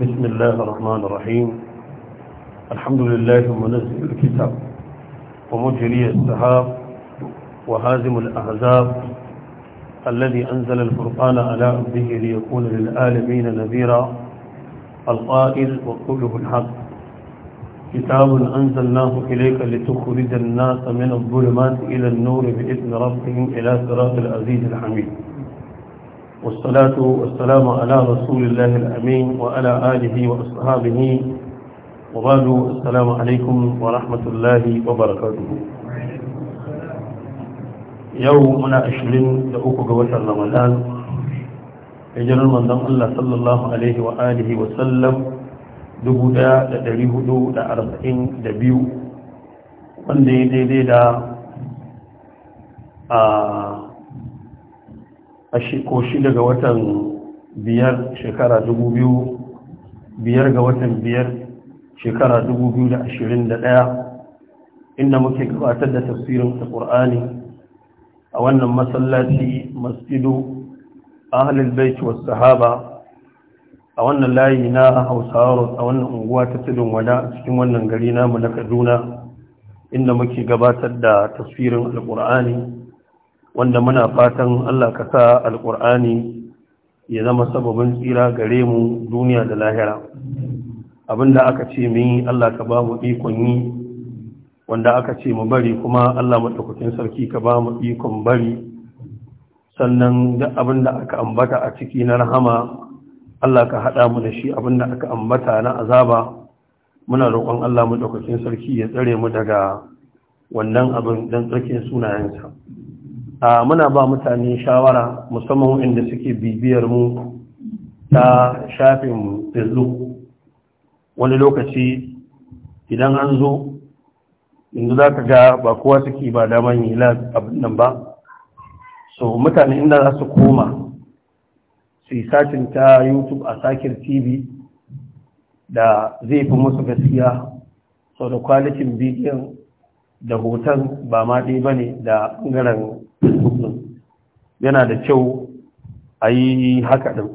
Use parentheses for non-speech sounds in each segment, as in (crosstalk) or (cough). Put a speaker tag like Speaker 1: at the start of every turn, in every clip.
Speaker 1: بسم الله الرحمن الرحيم الحمد لله منزل الكتاب ومجري السحاب وهازم الأحزاب الذي أنزل الفرقان على عبده ليكون للعالمين نذيرا القائل وقوله الحق كتاب أنزلناه إليك لتخرج الناس من الظلمات إلى النور بإذن ربهم إلى صراط العزيز الحميد والصلاة والسلام على رسول الله الأمين وعلى آله وأصحابه وبعد السلام عليكم ورحمة الله وبركاته يومنا عشرين لأوكو قوات رمضان hijirar manzon Allah sallallahu Alaihi wa alihi wasallam 1442 wanda ya daidai da a ko shi daga watan biyar shekara dubu biyu biyar ga watan biyar shekara dubu biyu da ashirin da ɗaya inda muke gabatar da tafsirin alƙur'ani a wannan masallaci masjidu ahalil baiti wasu sahaba a wannan layi na hausawa a wannan unguwa ta tudun wada cikin wannan gari namu na kaduna inda muke gabatar da tafsirin alƙur'ani wanda muna fatan Allah ka sa alƙur'ani ya zama sababin tsira gare mu duniya da lahira abinda aka ce min Allah ka ba mu ikon yi wanda aka ce mu bari kuma Allah madaukakin sarki ka ba mu ikon bari sannan duk abinda aka ambata a ciki na rahama Allah ka haɗa mu da shi abinda aka ambata na azaba muna roƙon Allah madaukakin sarki ya tsare mu daga wannan abin don tsarkin sunayensa muna ba mutane shawara musamman inda suke bibiyar mu ta shafin facebook wani lokaci idan an zo yanzu za ka ga ba kowa suke ba damar yi abin nan ba so mutane inda za su koma su yi satin ta youtube a sakir tv da zai fi musu gaskiya sau da kwalitin bidiyon da hoton ba ma ɗaya ba ne da ɓangaren yana da kyau a yi haka ɗin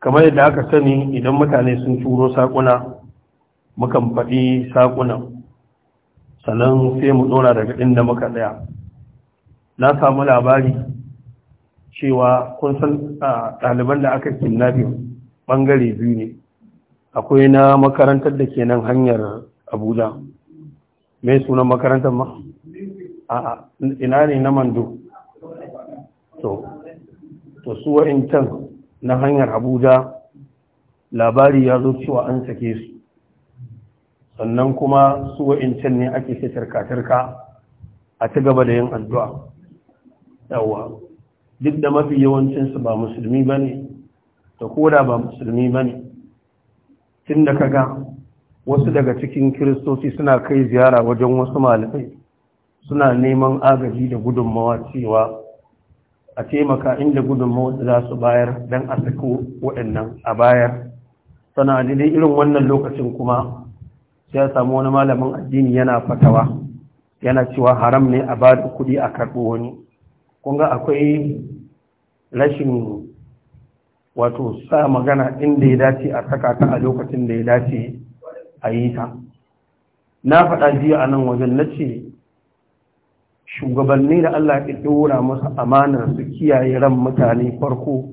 Speaker 1: kamar yadda aka sani idan mutane sun turo sakuna, mukan faɗi saƙunan sannan sai mu ɗora daga inda muka ɗaya na samu labari cewa kun san ɗaliban da aka kidnapping ɓangare biyu ne akwai na makarantar da ke nan hanyar abuja mai sunan makarantar ma? A'a, ina ne na mando to su wa'in can na hanyar abuja labari ya zo cewa an sake su sannan kuma su can ne ake ce tarka-tarka a ci gaba da yin addu'a Yawwa, duk da mafi yawancinsu ba musulmi ba ne da koda ba musulmi ba ne tun da kaga wasu daga cikin kiristoci suna kai ziyara wajen wasu malamai suna neman agaji da gudunmawa cewa a taimaka inda gudunmawa da za su bayar don a sako waɗannan a bayar sana daidai irin wannan lokacin kuma sai ya samu wani malamin addini yana fatawa yana cewa haram ne a ba da kuɗi a karɓo wani ƙunga akwai rashin wato sa magana inda ya dace a saka ta a lokacin da ya dace a yi ta na faɗa jiya a nan wajen na ce shugabanni da Allah ya dora masa amanar su kiyaye ran mutane farko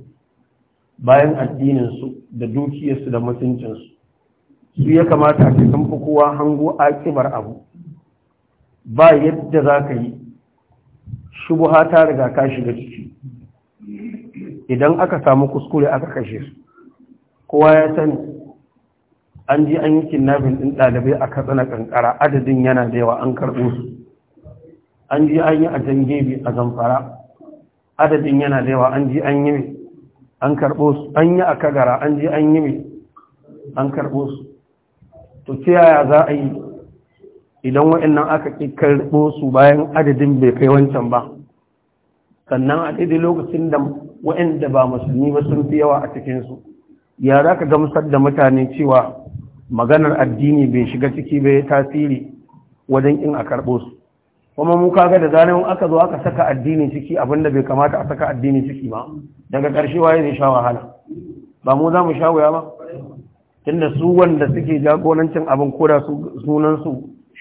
Speaker 1: bayan addininsu da dukiyarsu da mutuncinsu su ya kamata a cikin kowa hango akibar abu ba yadda za ka yi shubuha ta riga ka shiga ciki idan aka samu kuskure aka kashe su kowa ya sani an ji an yi kinnafin ɗin ɗalibai a katsina ƙanƙara adadin yana da yawa an karɓo su an ji an yi a jangebe a zamfara adadin yana da yawa an ji an yi an karɓo su an yi a kagara an ji an yi mai. an karɓo su to ta yaya za a yi idan waɗannan aka ƙi karɓo su bayan adadin bai kai wancan ba sannan a ɗaiɗai lokacin da waɗanda ba musulmi ba sun fi yawa a cikinsu ya za ka gamsar da mutane cewa maganar addini bai shiga ciki bai tasiri wajen in a karɓo su kuma mu kaga da zanen aka zo aka saka addini ciki abinda bai kamata a saka addini ciki ba daga ƙarshe waye zai sha wahala ba mu za mu sha wuya ba tunda su wanda suke jagorancin abin koda su sunan su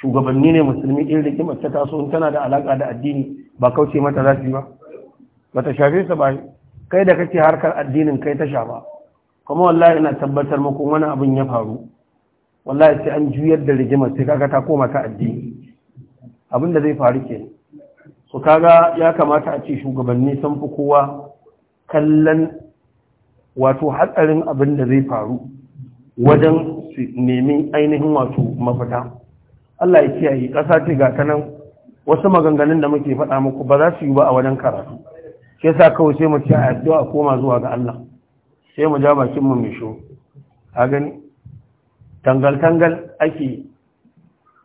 Speaker 1: shugabanni ne musulmi da rigimar ta taso tana da alaka da addini ba kauce mata za ba bata shafe su ba kai da kake harkar addinin kai ta shafa kuma wallahi ina tabbatar muku wani abin ya faru wallahi sai an juyar da rigimar sai kaga ta koma ta addini abin da zai faru ke su kaga ya kamata a ce shugabanni sun fi kowa kallon wato hatsarin abin da zai faru wajen nemi ainihin wato mafita Allah ya kiyaye ƙasa ce ga ta nan wasu maganganun da muke faɗa muku ba za su yi ba a wajen karatu sai sa kawai sai mu ci a addu'a koma zuwa ga Allah sai mu ja bakin mu misho a gani tangal tangal ake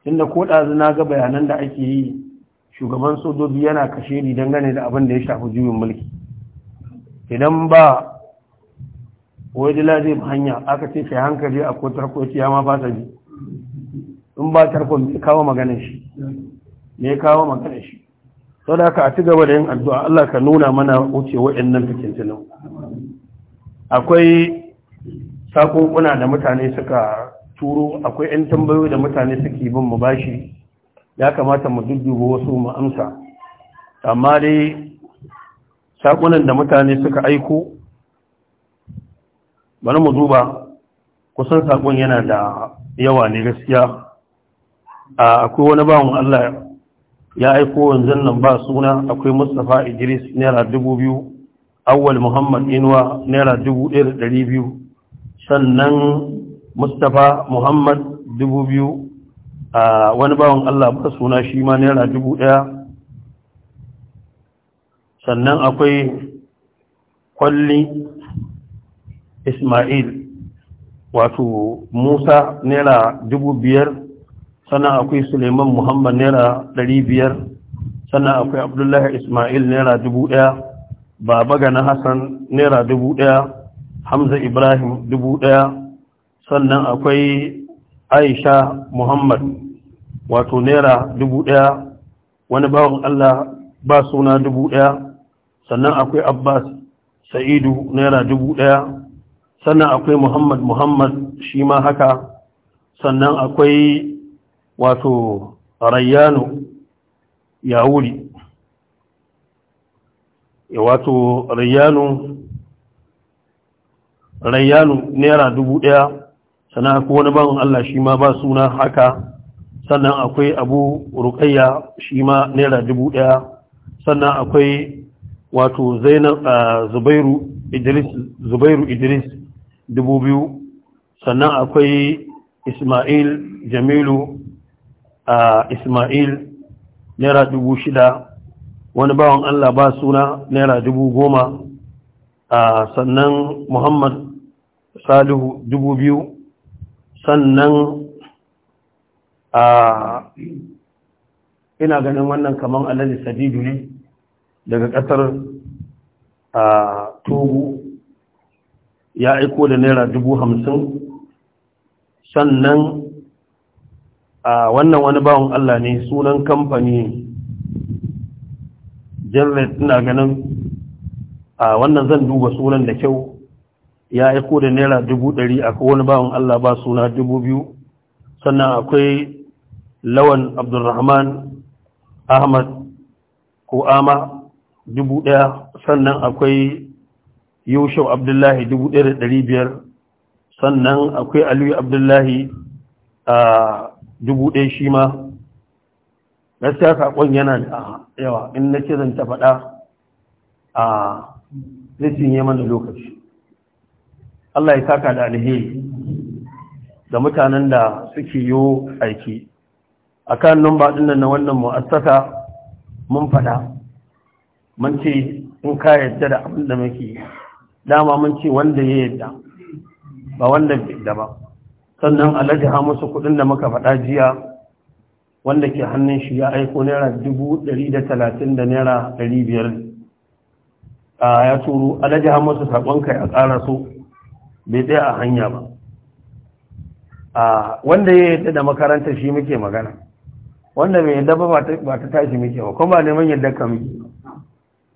Speaker 1: inda ko ɗazu na ga bayanan da ake yi shugaban sojoji yana kashe ni dangane da abin da ya shafi juyin mulki idan ba wajila zai hanya aka ce sai hankali a ko tarko ya ma ba ta in ba tarko me kawo maganin
Speaker 2: shi
Speaker 1: kawo maganin shi sau da aka a ci gaba da yin addu'a Allah ka nuna mana wuce wa'yannan tunan akwai sakunkuna da mutane suka turo akwai 'yan tambayoyi da mutane suke bin mu bashi ya kamata mu dudduba wasu mu amsa amma dai sakunan da mutane suka aiko bari mu duba kusan sakon yana da yawa ne gaskiya akwai wani bawan Allah ya aiko wanzan nan ba suna akwai Mustapha Idris naira biyu, Awwal Muhammad Inuwa naira dubu ɗari biyu, sannan mustapha muhammad dubu biyu a wani bawan allah ba suna shi ma naira dubu ɗaya sannan akwai kwalli ismail wato musa naira dubu biyar sannan akwai suleiman muhammad naira ɗari biyar sannan akwai abdullahi ismail naira dubu ɗaya baba gana hassan naira dubu ɗaya hamza ibrahim dubu ɗaya sannan akwai aisha muhammad wato naira dubu ɗaya wani bawan allah ba suna dubu ɗaya sannan akwai abbas sa'idu naira dubu ɗaya sannan akwai muhammad muhammad shi ma haka sannan akwai wato rayyano ya wuri wato rayyano rayyano naira dubu ɗaya sannan akwai wani ban Allah shi ma ba suna haka sannan akwai abu rukayya shi ma naira dubu ɗaya sannan akwai wato zainab zubairu idris zubairu idris dubu biyu sannan akwai ismail jamilu ismail naira dubu shida wani bawan Allah ba suna naira dubu goma sannan muhammad salihu dubu biyu sannan a ina ganin wannan kamar alali sadidu ne daga ƙasar a togo ya aiko da naira dubu hamsin sannan a wannan wani bawan Allah ne sunan kamfani jirlet ina ganin a wannan zan duba sunan da kyau ya aiko da naira dubu ɗari a wani bawan Allah ba suna dubu biyu sannan akwai lawan abdulrahman ahmad ko ama dubu ɗaya sannan akwai yushau abdullahi dubu ɗaya da ɗari biyar sannan akwai aliyu abdullahi a dubu ɗaya shi ma gaskiya saƙon yana da yawa in na ce zan ta faɗa a zai yaman mana lokaci Allah ya saka da alheri da mutanen da suke yi aiki kan numba din na wannan mu'assasa mun fada mun ce in ka yadda da abin da muke dama mun ce wanda ya yadda ba wanda bai da ba sannan alhaji ha musu kudin da muka faɗa jiya wanda ke hannun shi ya aiko naira talatin da naira biyar. a ya turo alhaji hamusu kai a ƙara so bai tsaya a hanya ba a wanda ya yadda da makaranta shi muke magana wanda mai yadda ba ba ta tashi muke ba kuma neman yadda ka muke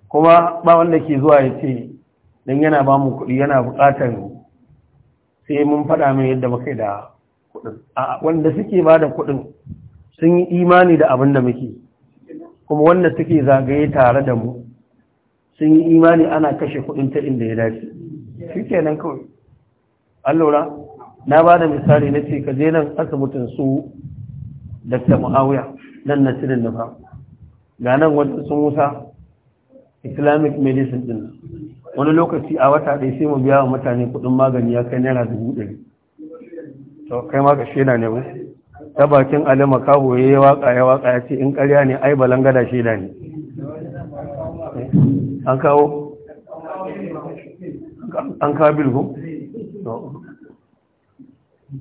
Speaker 1: kuma ba wanda ke zuwa ya ce don yana ba mu kuɗi yana buƙatar sai mun faɗa mai yadda muka da kuɗin wanda suke ba da kuɗin sun yi imani da abin da muke kuma wanda suke zagaye tare da mu sun yi imani ana kashe kuɗin ta inda ya dace shi kenan kawai allora na ba da misali na ce ka je nan asibitin su dakta mu'awiya nan na cirin nufa ga nan wata sun musa islamic medicine din wani lokaci a wata ɗaya sai mu biya wa mutane kuɗin magani ya kai naira dubu ɗari to kai ma ka na ne ba ta bakin alima kawo ya yi waka ya waka ya ce in karya ne ai gada shaida ne eh? an kawo an kawo bilgo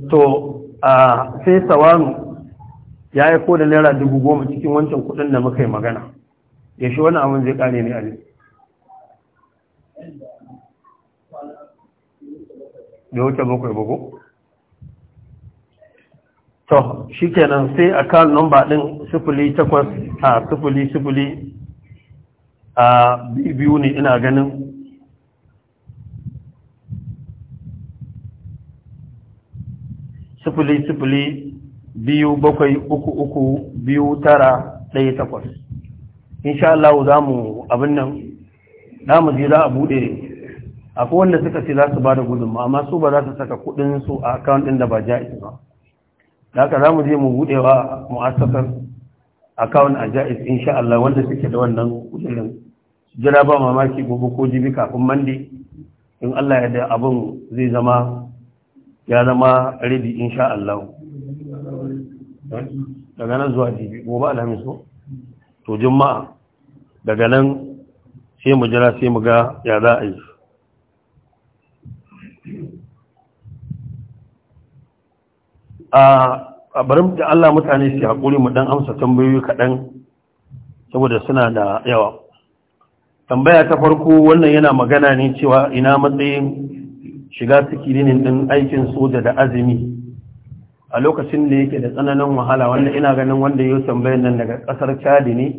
Speaker 1: to sai sawanu ya yi ko da naira dubu goma cikin wancan kudin da muka yi magana ya shi wani abin zai kare ne a da wuce bakwai bugu to shi kenan sai a kan nomba ɗin sufuli takwas a sufuli sufuli a biyu ne ina ganin sifili sifili biyu bakwai uku uku biyu tara ɗaya takwas insha Allah za mu abin nan za mu je za a buɗe akwai wanda suka ce za su ba da gudunmu amma su ba za su saka su a akawun ɗin da ba ja'iz ba da haka za mu je mu buɗe wa mu'asakar akawun a ja'iz insha Allah wanda suke da wannan kudirin jira ba mamaki gobe ko jibi kafin mandi in Allah ya da abin zai zama ya zama in insha Allah daga nan zuwa jibi gobe alhamis ko to juma'a daga nan sai mu jira sai mu ga ya za a yi a bari da Allah mutane su haƙuri mu dan amsa tambayoyi kaɗan saboda suna da yawa tambaya ta farko wannan yana magana ne cewa ina matsayin shiga sikirinin ɗin aikin soja da azumi a lokacin da yake da tsananin wahala wanda ina ganin wanda ya tambayar nan daga ƙasar chadi ne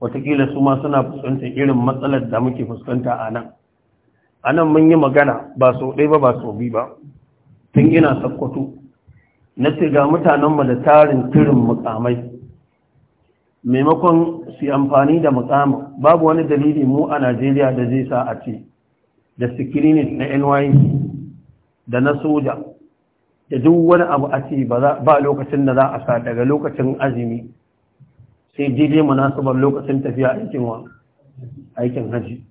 Speaker 1: watakila su ma suna fuskantar irin matsalar da muke fuskanta a nan a nan mun yi magana ba sau ɗai ba ba sau biyu ba tun ina sakkwato na ce ga mu da tarin tirin mukamai maimakon su amfani da mukamin babu wani dalili mu a najeriya da zai sa a ce da sikirini na nyc da na soja da duk wani abu a ce ba lokacin da za a sa daga lokacin azumi sai daidai munasabar lokacin tafiya aikin wa haji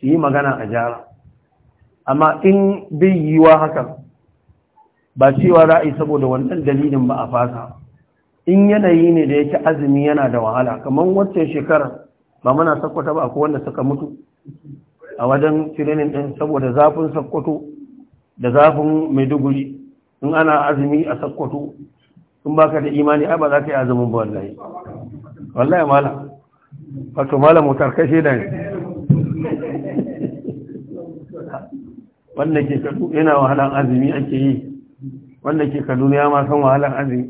Speaker 1: su yi magana a jara amma in bai yiwa haka ba cewa za a yi saboda wannan dalilin ba a fasa in yanayi ne da yake azumi yana da wahala kamar wancan shekarar ba muna sakwata ba ko wanda suka mutu a wajen tirenin ɗin saboda zafin sakkwato da zafin maiduguri in ana azumi a sakkwato in baka da imani ai ba za ka yi azumin ba wallahi wallahi mala wato mala motar kashe da ne wanda ke kadu yana wahalan azumi ake yi wanda ke kaduna ya ma san wahalan azumi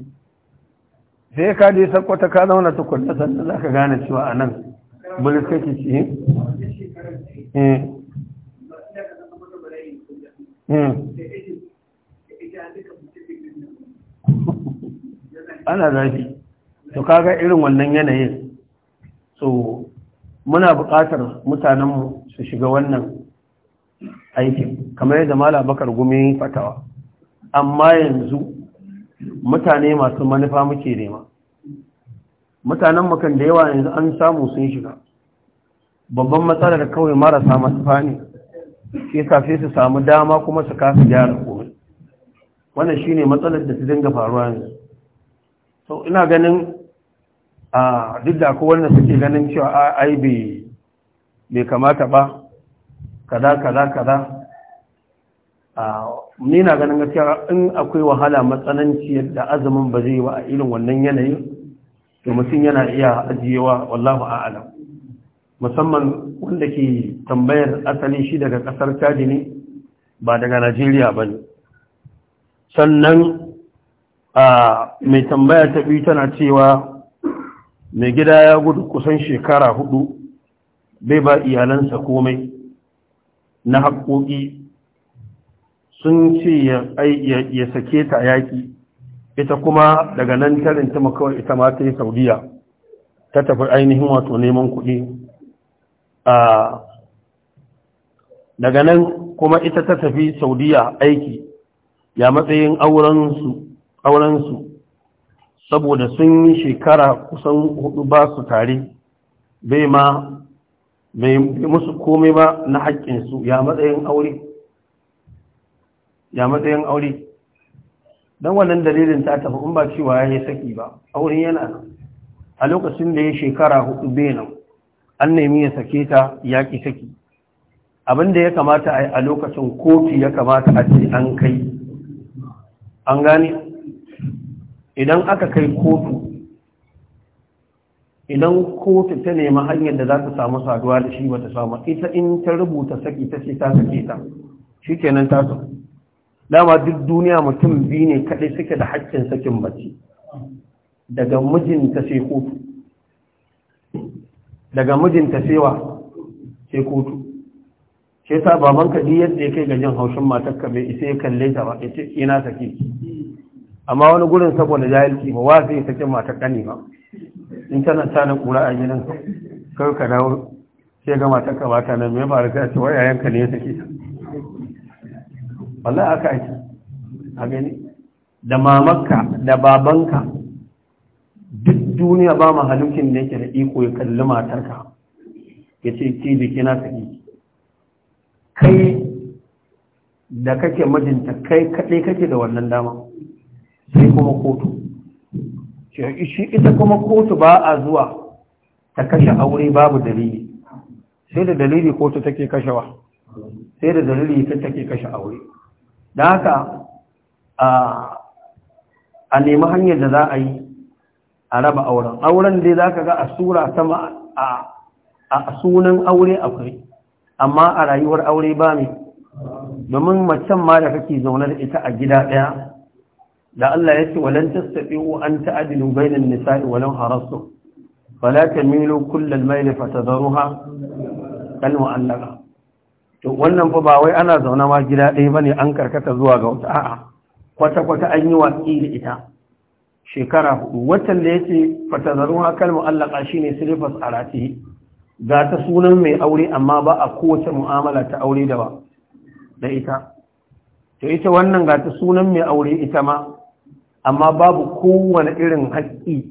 Speaker 1: sai ka je sakkwata ka zauna tukwata sannan za ka gane cewa a nan bulis kake cikin. Eh? Hmm. Hmm. ana zafi to kaga irin wannan yanayin so muna buƙatar mutanenmu su shiga wannan aiki kamar yadda mala bakar gumi fatawa amma yanzu mutane masu manufa muke nema mutanen kan da yawa yanzu an samu sun shiga babban matsalar kawai marasa manufa ne shi yasa su samu dama kuma su kasa gyara komai wannan shine matsalar da su dinga faruwa ne so ina ganin a duk da akwai wannan suke ganin cewa ai bai kamata ba kada-kada-kada. ni na ganin gaskiya in akwai wahala matsananci yadda azumin ba zai yi ba a irin wannan yanayin to mutum yana iya ajiyewa wallahu a'lam musamman wanda ke tambayar asali shi daga kasar caji ne ba daga najeriya ba ne sannan a mai tambaya ta biyu tana cewa mai gida ya gudu kusan shekara hudu bai ba iyalansa komai na haƙoƙi sun ce ya sake ta yaƙi ita kuma daga nan tarin ta makawar ita ma ta yi saudiya ta tafi ainihin wato neman kuɗi daga nan kuma ita ta tafi saudiya aiki ya matsayin aurensu saboda sun yi shekara kusan hudu ba su tare bai ma bai musu komai ba na haƙƙinsu ya matsayin aure ya matsayin aure don wannan dalilin ta tafi in ba cewa ya yi saki ba auren yana a lokacin da ya shekara hudu bai nan an nemi ya sake ta yaƙi saki abin da ya kamata a yi a lokacin kotu ya kamata a ce an kai an gane idan aka kai kotu idan kofi ta nemi hanyar da za ta samu saduwa da shi wata samu ita in ta rubuta saki ta ce ta sake ta shi kenan nan so dama duk duniya mutum biyu ne kaɗai suke da haƙƙin sakin bacci daga mijinta sai kotu daga mijinta sewa sai kotu ke sa baban ka yadda ya kai ga jin haushin matarka bai isa ya kalle ta ba ya ce ina sake amma wani gurin saboda jahilci ba wasu ya sake matar kani ba in tana tana kura a gidan kar ka dawo sai ga matar ka ta nan mai faru ta ce wai yayanka ne ya sake ta wallahi aka aiki a gani da mamanka da babanka duniya ba mahalukin da yake da iko ya kalli matarka ya ce ke jiki na saki kai da kake majinta. kai kaɗai kake da wannan dama sai kuma kotu shi ita kuma kotu ba a zuwa ta kashe aure babu dalili sai da dalili kotu take kashewa sai da dalili ta take kashe aure da haka a nemi hanyar da za a yi a raba auren auren dai za ka ga a sura sama a sunan aure akwai amma a rayuwar aure ba ne domin macen ma da kake zaune da ita a gida ɗaya da Allah ya ce walan wa an ta'dilu bainan nisa'i walan harastu fala tamilu kullal mayl fatadharuha kal mu'allaqa to wannan fa ba wai ana zaune ma gida ɗaya bane an karkata zuwa ga wata a'a kwata kwata an yi watsi da ita shekara hudu watan da yace fatazaru ha mu'allaka allaka shine silifas rati. ga ta sunan mai aure amma ba a kowace mu'amala ta aure da ba da ita to ita wannan ga ta sunan mai aure ita ma amma babu kowane irin haƙƙi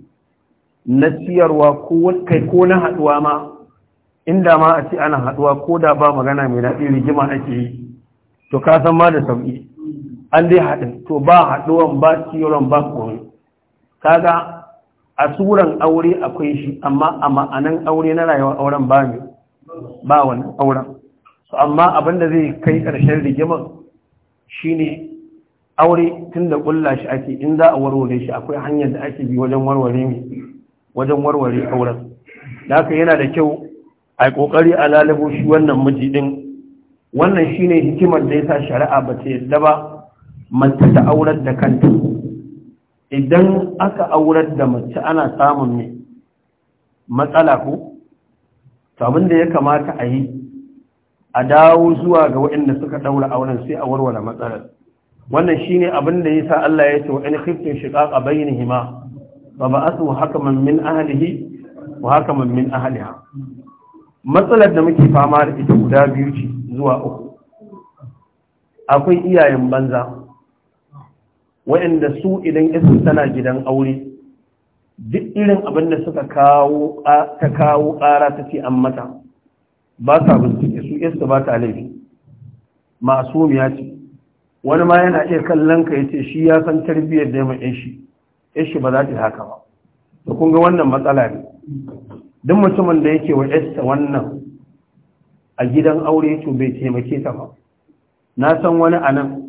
Speaker 1: na siyarwa ko kai ko na haɗuwa ma inda ma a ce ana haɗuwa ko da ba magana mai daɗi rigima ake yi to ka san ma da sauƙi an dai haɗin to ba haɗuwan ba siyarwan ba kone kaga a suran aure akwai shi amma a ma'anan aure na rayuwar auren ba mai ba wani auren amma abinda zai kai ƙarshen rigimar shine aure tun da ƙulla shi ake in za a warware shi akwai hanyar da ake bi wajen warware mai wajen warware auren da haka yana da kyau a ƙoƙari a lalabo shi wannan miji ɗin wannan shine hikimar da ya sa shari'a ba ta yadda ba mace ta aurar da kanta idan aka aurar da mace ana samun ne matsala ko to abin da ya kamata a yi a dawo zuwa ga waɗanda suka daura auren sai a warware matsalar wannan shine abin da yasa Allah ya ce wa in khiftum shiqaqa bainahuma fa ba'athu hukman min ahlihi wa hukman min ahliha matsalar da muke fama da ita guda biyu ce zuwa uku akwai iyayen banza waɗanda su idan yasu tana gidan aure duk irin abin da suka kawo ta kawo ƙara ta ce an mata ba sa bincike su yasu ba ta laifi masumiya ce wani ma yana iya kallon ka yace shi ya san tarbiyyar da mai shi shi ba za ta haka ba to kun ga wannan matsala ne duk mutumin da yake wa yarsa wannan a gidan aure to bai taimake ta ba na san wani anan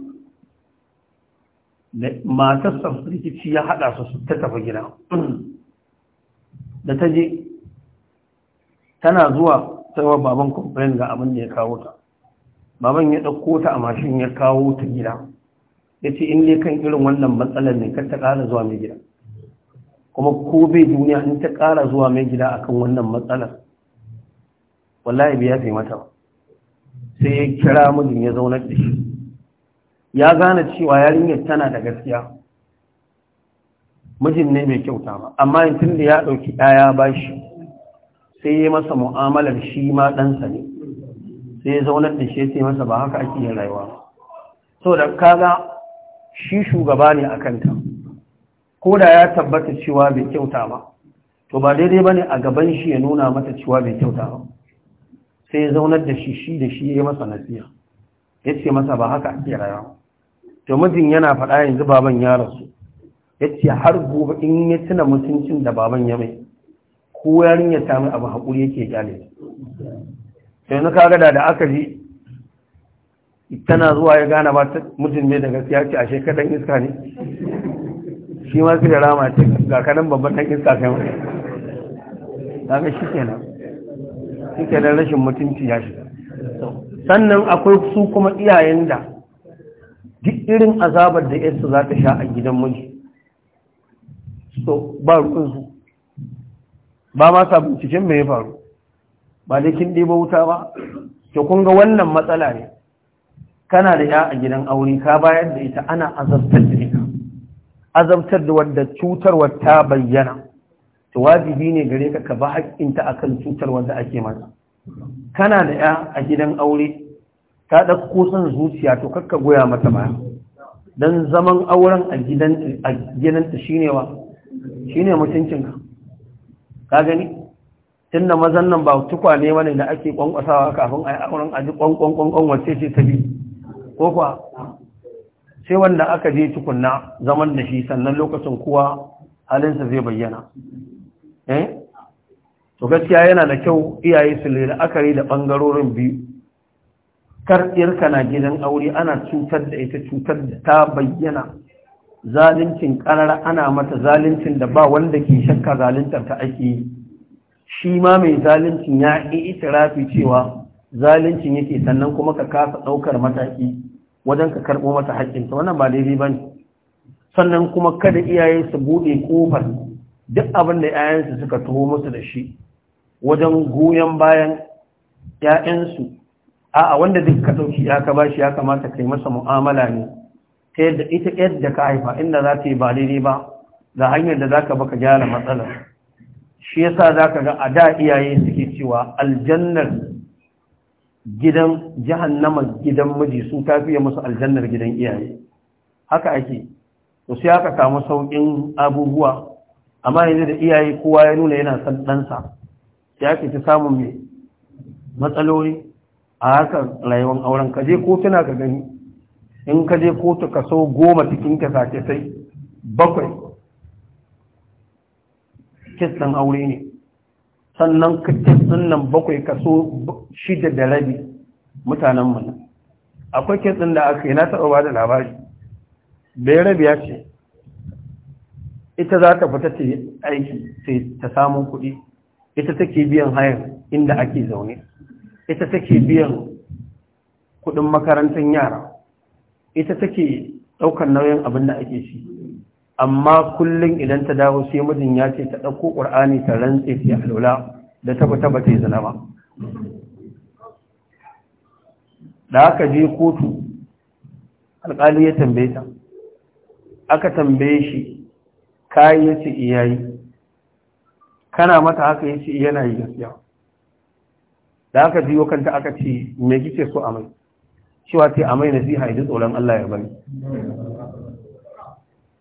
Speaker 1: matar matarsa rikici ya haɗa su ta tafi gida da ta je tana zuwa tsawa baban kwamfayin ga abin da ya kawo ta baban ya ɗauko ta a mashin ya kawo ta gida ya ce in ne kan irin wannan matsalar ne ka ta ƙara zuwa mai gida kuma ko bai duniya in ta ƙara zuwa mai gida akan wannan matsalar wallahi biya fi mata sai ya kira mijin ya zauna da shi ya gane cewa yarinyar tana da gaskiya mijin ne mai kyauta ba amma yankin da ya ɗauki ɗaya ba shi sai ya masa mu'amalar shi ma ɗansa ne sai ya zaunar da shi sai masa ba haka ake yin rayuwa so da kaga shi shugaba ne a kanta ko da ya tabbata cewa bai kyauta ba to ba daidai ba ne a gaban shi ya nuna mata cewa bai kyauta ba sai ya zaunar da shi shi da shi ya yi masa nasiya ya ce masa ba haka ake rayuwa to mutum yana faɗa yanzu baban ya rasu ya ce har gobe in ya tuna mutuncin da baban ya mai ko yarin ya sami abu haƙuri yake to yanzu ka da da aka ji tana zuwa ya gane ba mutum ne da gaskiya ce ashe kaɗan iska ne shi ma su da rama ce ga kanan babban ɗan iska kai mai kaga shi kenan shi kenan rashin mutunci ya shiga
Speaker 2: sannan akwai
Speaker 1: su kuma iyayen da duk irin azabar da yarsu za ta sha a gidan miji so ba rukunsu ba ma sa cikin mai faru ba da kin ɗebo wuta ba to kun wannan matsala ne kana da ya a gidan aure ka bayar da ita ana azabtar da ita azabtar da wadda cutarwar ta bayyana to wajibi ne gare ka ka ba haƙƙinta akan cutar da ake mata kana da ya a gidan aure ta ɗauko son zuciya to kakka goya mata ba don zaman auren a gidanta shi ne wa shi ne mutuncinka ka gani tun da mazan nan ba ne wani da ake ƙwanƙwasawa kafin a yi auren ji kwankwankwankwan wace ce ta bi ko kuwa sai wanda aka je tukunna zaman da shi sannan lokacin kuwa halinsa zai bayyana eh to gaskiya yana da kyau iyaye su lera akari da bangarorin biyu kar irka na gidan aure ana cutar da ita cutar da ta bayyana Zalincin karar ana mata zalincin, da ba wanda ke shakka zaluntar ta ake yi shi ma mai zalincin ya yi itirafi cewa zalincin yake sannan kuma ka kasa ɗaukar mataki wajen ka karɓo mata haƙƙinta wannan ba daidai ba ne sannan kuma kada iyaye su buɗe ƙofar duk abin da 'ya'yansu suka taho musu da shi wajen goyon bayan ‘ya'yansu, a wanda duk ka ɗauki ya ka bashi ya kamata kai masa mu'amala ne, ta yadda ita yadda ka haifa inda za ta yi ba daidai ba, da hanyar da za ka baka gyara matsalar. Shi yasa za ka ga a da iyaye suke cewa aljannar gidan jahannama gidan miji su ta fiye musu aljannar gidan iyaye. Haka ake, to sai aka samu sauƙin abubuwa, amma yanzu da iyaye kowa ya nuna yana son ɗansa. ya ke ta samun mai matsaloli a harkar rayuwar auren kaje kotuna ka gani in kaje kotu kaso goma cikin ka sake sai bakwai kistan aure ne sannan kistan nan bakwai kaso shida da rabi mutanen mana akwai kistan da aka yi na taɓa ba da labari bai rabi ya ce ita za ta fita ta yi aiki sai ta samun kuɗi ita take biyan hayan, inda ake zaune ita take biyan kudin makarantar yara ita take daukar nauyin abin da ake shi amma kullum idan ta dawo sai mijin ya ce ta ɗauko ƙur'ani ta rantse ta alula da ta yi zina ba da aka je kotu alƙali ya tambaye ta aka tambaye shi kayi ya ce iyayi eh, kana mata haka ya ce yana yi gaskiya da aka jiyo kanta aka ce me kike so a mai cewa ce a mai nasiha idan tsoron Allah ya bani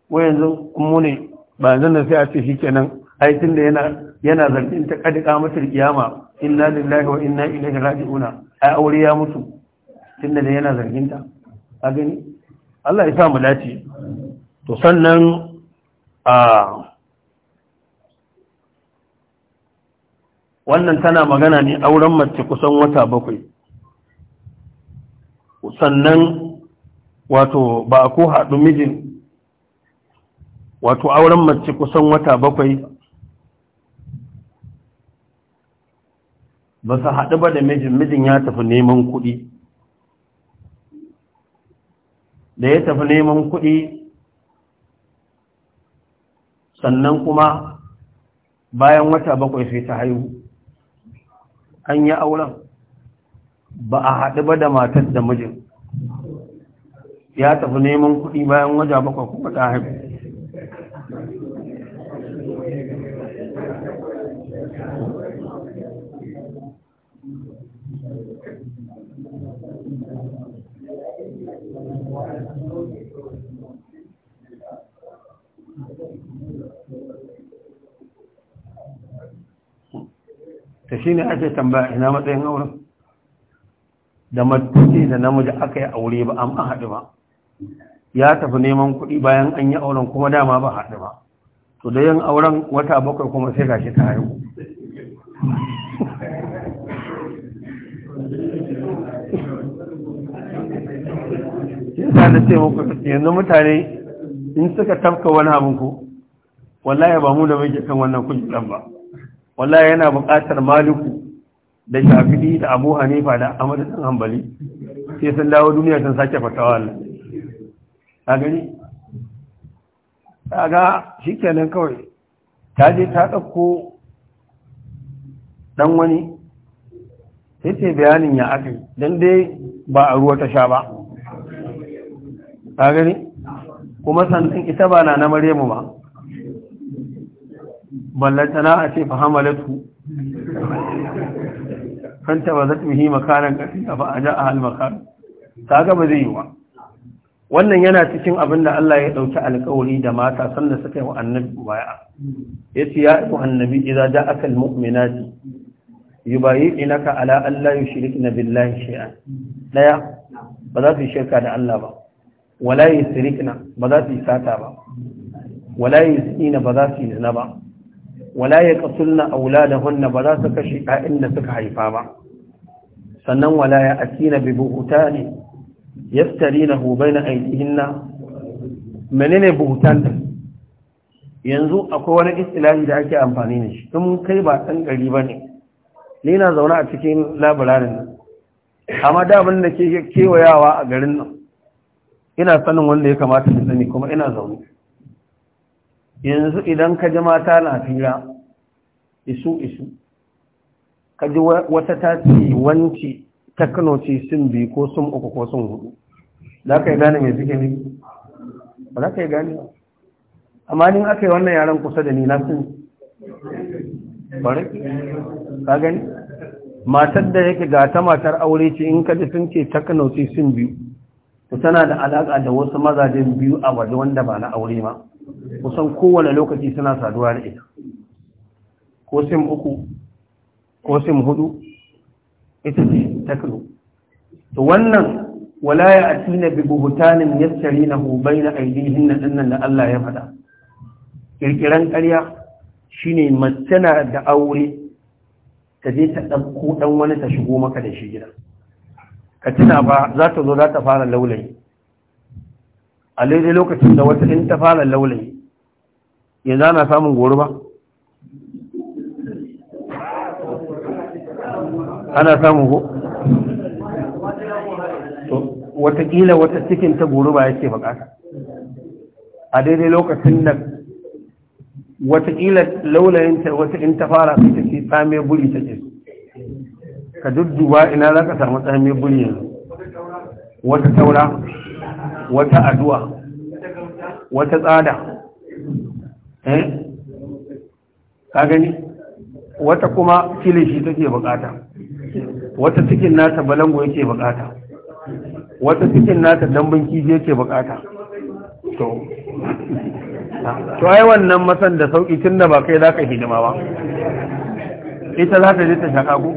Speaker 1: wai yanzu mu ne ba yanzu na sai a ce shikenan ai tunda yana yana zargin ta kadika mata kiyama inna lillahi wa inna ilaihi raji'un ai aure ya mutu tunda da yana zargin ta a gani Allah ya sa mu dace to sannan a ah, wannan tana magana ne auren mace kusan wata bakwai sannan wato ba a ko haɗu mijin wato auren mace kusan wata bakwai ba su haɗu ba da mijin mijin ya tafi neman kuɗi da ya tafi neman kuɗi sannan kuma bayan wata bakwai sai ta haihu an yi auren ba a haɗu ba da matar da mijin ya tafi neman kuɗi bayan waje bakwai kuma ta haifu ta shi ne ake tambaya ina matsayin auren da matuƙi da namiji aka yi aure ba an haɗu ba ya tafi neman kuɗi bayan an yi auren kuma dama ba haɗu ba to da yin auren wata bakwai kuma sai gashi ta haihu yasa ce muku yanzu mutane in suka tafka wani abinku, wallahi ba mu da muke kan wannan kujilan ba wallahi yana buƙatar maliku da shafi'i da abu hanifa da amadu ɗan hambali sai sun dawo duniya sun sake fatawa Allah a gani ga shi kenan kawai ta je ta ɗauko ɗan wani sai ce bayanin ya aka yi don dai ba a ruwa ta sha ba a gani kuma sannan ita ba na na maremu ba ballantana a ce fahamalatu fanta ba zai mihi makaran ƙafi a ba'aja a halmakar ta gaba zai yi wa wannan yana cikin abin da Allah ya ɗauki alƙawari da mata sanda suka yi wa annabi baya ya ce ya ɗu annabi idan da aka mu'minati yi bayi inaka ala Allah yi shirik na billahi shi'a? ɗaya ba za su yi shirka da Allah ba wala yi sirikna ba za su yi sata ba wala yi zina ba za su yi zina ba wala ya kasulna auladahunna ba za su kashe 'ya'yan da suka haifa ba sannan wala ya asina bi buhutani yaftarinahu na aydihinna menene buhutan yanzu akwai wani istilahi da ake amfani da shi tun kai ba ɗan gari ba ne ni na zaune a cikin labirarin nan amma damar da ke kewayawa a garin nan ina sanin wanda ya kamata da sani kuma ina zaune yanzu idan ka ji mata na fira isu isu ka ji wata ta ce wanci ce sun bi ko sun uku ko sun hudu za ka yi gane mai suke ne ba za ka yi gane amma ni aka yi wannan yaran kusa da ni na sun bari, ka gani matar da yake ga ta matar aure ce in ka ji sun ce ce sun biyu tana da alaƙa da wasu mazajen biyu a waje wanda ba na aure ma kusan kowane lokaci suna saduwa da ita ko sim uku ko sim hudu ita ce taklo to wannan wala ya atina bi buhutanin yastarinahu bayna aydihin nan da Allah ya faɗa kirkiran ƙarya shine mace na da aure ta je ta ɗauko ɗan wani ta shigo maka da shi gida ka tuna ba za ta zo za ta fara laulayi a daidai lokacin da wata in ta fara laulayi yanzu ana samun goro ba ana samun ko?
Speaker 2: watakila wata cikin ta goro ba yake bukata
Speaker 1: a daidai lokacin da watakila ta wata in ta fara sai ta ce tsamiyar buri ta ce ka dudduba ina za ka samu tsamiyar buri yanzu wata taura wata addu'a
Speaker 2: wata tsada
Speaker 1: eh? ka gani wata kuma kilishi take bukata wata cikin nata balango yake bukata wata cikin nata dambin kifi yake bukata to to ai wannan masan da sauki tunda ba kai zaka hidima ba ita za ta je ta shaka ku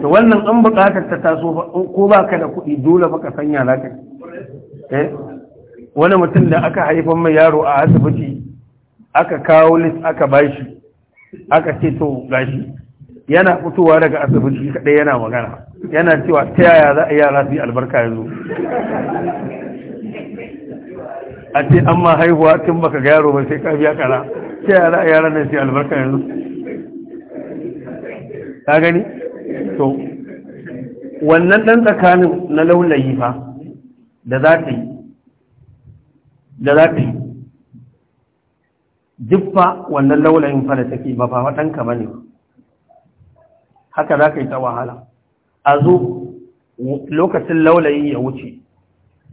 Speaker 1: to wannan an bukatar ta taso ko baka da kuɗi dole baka sanya zaka yi Eh? wani mutum da aka haifan mai yaro a asibiti aka kawo list aka bashi aka ce to gashi yana fitowa daga asibiti kadai yana magana yana cewa ta yaya za a yara su yi albarka yanzu a ce an ma haihuwa tun baka ga yaro ba sai ka biya kara ta yaya za a yara nan su yi albarka yanzu ta gani to wannan dan tsakanin na laulayi fa da za ta yi da za ta yi duk fa wannan laulayin fara take ba fa waɗanka ba ne haka za ka yi ta wahala a zo lokacin laulayi ya wuce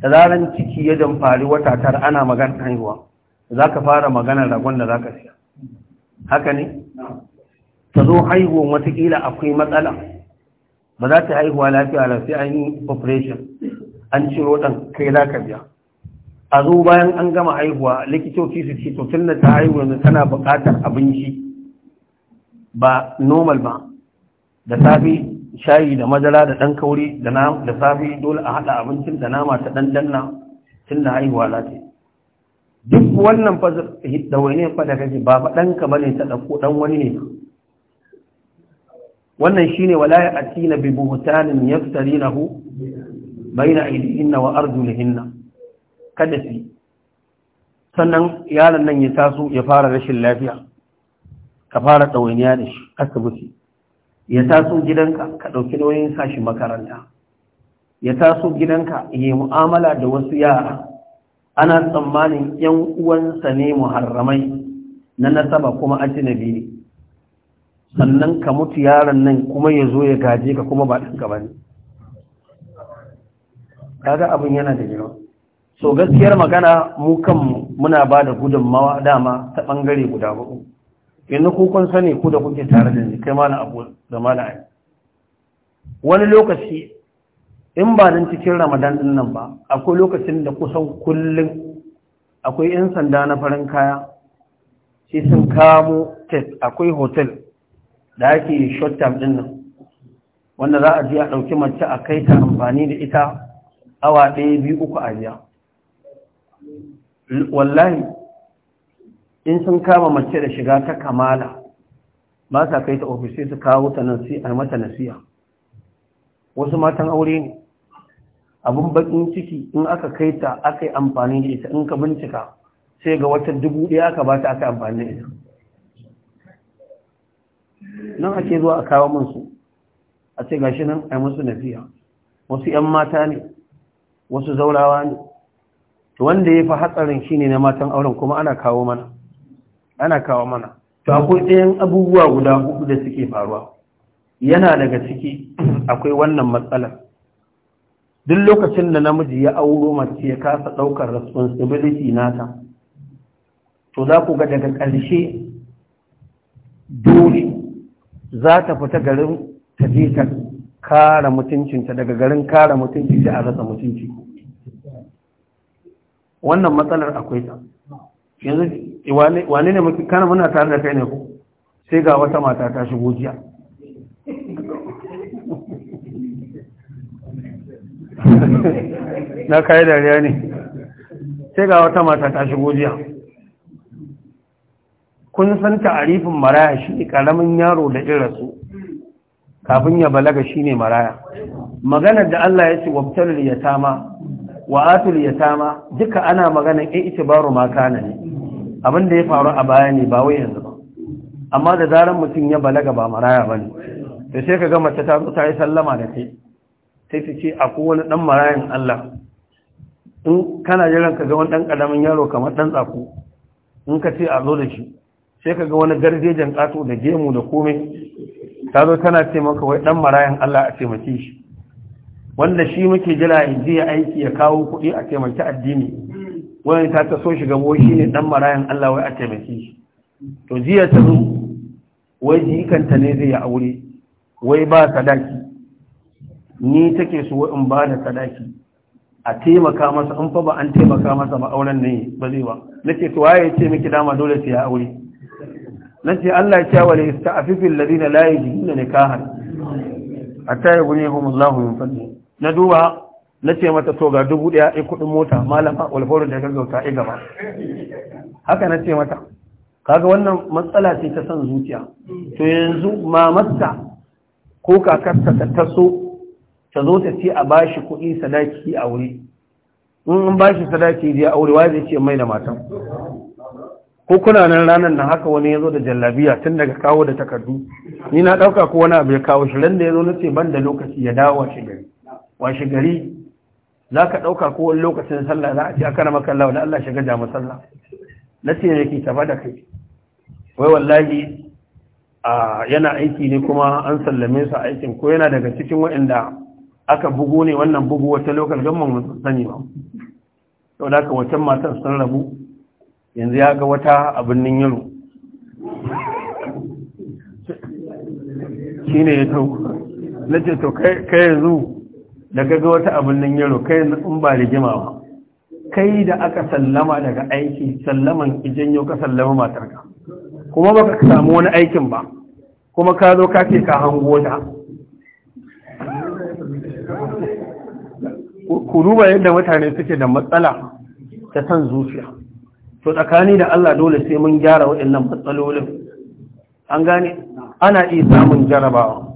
Speaker 1: da zaran ciki ya damfari wata tara ana magana haihuwa za ka fara magana ragon da za ka siya haka ne ta zo haihuwan watakila akwai matsala ba za ta haihuwa lafiya lafiya an yi operation an ciro ɗan kai za ka biya a zo bayan an gama haihuwa likitoci su ce to tun da ta haihu yanzu tana buƙatar abinci ba normal ba da safe shayi da madara da ɗan kauri da safe dole a haɗa abincin da nama ta ɗan danna tun da haihuwa za ta duk wannan fasar ne fada kaji ba faɗanka ba ne ta ɗauko ɗan wani ne wannan shine ne atina na bi buhutanin yaftarinahu baina aidihinna wa arjulihinna kada su sannan yaron nan ya taso ya fara rashin lafiya ka fara ɗawainiya da shi asibiti ya taso gidanka ka ɗauki nauyin sashi makaranta ya taso gidanka ya mu'amala da wasu yara ana tsammanin ‘yan uwansa ne muharramai na nasaba kuma na ne sannan ka mutu yaron nan kuma ya zo ya gaje ka kuma ba ɗanka ba ne kaga abin yana da yawa so gaskiyar magana mu kanmu muna ba da gudunmawa dama ta bangare guda ba yanzu ku kun sani ku da kuke tare da ni kai malam abu da ai wani lokaci in ba nan cikin ramadan din nan ba akwai lokacin da kusan kullum akwai yan sanda na farin kaya sisin sun kamo tet akwai hotel da ake short term din nan wanda za a je a ɗauki mace a kai ta amfani da ita awa ɗaya biyu uku a biya wallahi in sun kama mace da shiga ta kamala ba sa kai ta ofisai su kawo ta sai a mata nasiya wasu matan aure ne abin bakin ciki in aka kai ta aka yi amfani da ita in ka bincika sai ga wata dubu ɗaya aka ba ta aka amfani da ita nan ake zuwa a kawo su a ce gashi nan a yi musu nasiya wasu 'yan mata ne wasu zaurawa ne wanda ya fi hatsarin shi ne na matan auren kuma ana kawo mana ana kawo mana to akwai ɗayan abubuwa guda hudu da suke faruwa yana daga ciki (clears throat) akwai wannan matsalar duk lokacin da namiji ya auro mace ya kasa ɗaukar responsibility nata to za ku ga daga ƙarshe dole za ta fita garin ta je ta kara mutuncinta daga garin kara mutunci a rasa mutunci wannan matsalar akwai ta yanzu wane ne muke kana muna tare da kai ne ko sai ga wata mata ta shigo jiya na kai dariya ne sai ga wata mata ta shigo jiya kun san ta'arifin maraya shi ƙaramin yaro da irasu kafin ya balaga shine maraya maganar da Allah ya ce wabtalul yatama wa atul yatama duka ana maganar in itibaru ma kana ne abin da ya faru a baya ne ba wai yanzu ba amma da zarar mutum ya balaga ba maraya bane da sai kaga mace ta zo ta yi sallama da kai sai ta ce akwai wani dan marayan Allah in kana jiran ka ga wani dan karamin yaro kamar dan tsako in ka ce a zo da shi sai kaga wani garjejen kato da gemu da komai ta zo tana ce maka wai dan marayan Allah a taimake shi wanda shi muke jira yaje ya aiki ya kawo kuɗi a taimaki addini wani ta ta so shiga shi shine dan marayan Allah wai a taimake shi to jiya ta zo wai jikanta ne zai aure wai ba sadaki ni take so in ba da sadaki a taimaka masa an fa ba an taimaka masa ba auren ne ba zai ba nake to waye ya ce miki dama dole sai ya aure nan ce Allah ya ce wa lista'afifil ladina la yajiduna nikaha hatta yughnihum min fadli na duba na ce mata to ga dubu daya ai kudin mota malama walfaru da gaggauta ai gaba haka nace mata kaga wannan matsala ce ta san zuciya to yanzu mamarta ko kakarta ta taso ta zo ta ce a bashi kuɗi sadaki a wuri in an bashi sadaki je aure wa zai ce mai da matan ko kuna nan ranar nan haka wani ya zo da jallabiya tun daga kawo da takardu ni na ɗauka ko wani abu ya kawo shi ran da ya zo na ce ban da lokaci ya dawo washe gari washe gari za ka ɗauka ko wani lokacin sallah za a ce aka rama kallawa da Allah shiga jami sallah na ce yake taba da kai wai wallahi a yana aiki ne kuma an sallame su aikin ko yana daga cikin waɗanda aka bugu ne wannan bugu wata lokal gamman sani ba yau da aka wacan matan sun rabu yanzu ya ga wata abin nin shi ne ya to na ce to kai yanzu da ga wata abin nin yaro kai yanzu in ba rigima ba kai da aka sallama daga aiki sallaman yau ka sallama matarka kuma baka samu wani aikin ba kuma ka zo ka ce ka hango ta ku duba yadda mutane suke da matsala ta san zuciya to tsakani da Allah dole sai mun gyara waɗannan matsalolin an gane ana iya samun jarabawa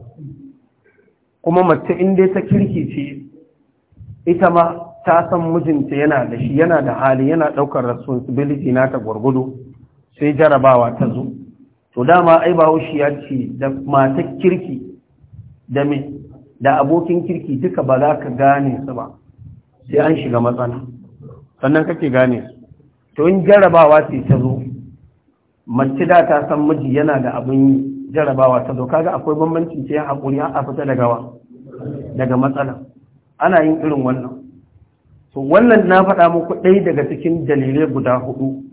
Speaker 1: kuma mace in ta kirki ce ita ma ta san mijinta yana da shi yana da hali yana ɗaukar responsibility na ta gwargwado sai jarabawa ta zo to dama ai ba haushi ya ce da matar kirki da me da abokin kirki duka ba za ka gane su ba sai an shiga matsala sannan kake gane su to in jarabawa ce ta zo mace da ta san miji yana da abin jarabawa ta zo kaga akwai bambanci ce hakuri a fita daga wa daga matsala ana yin irin wannan to wannan na faɗa muku ɗaya daga cikin dalilai guda hudu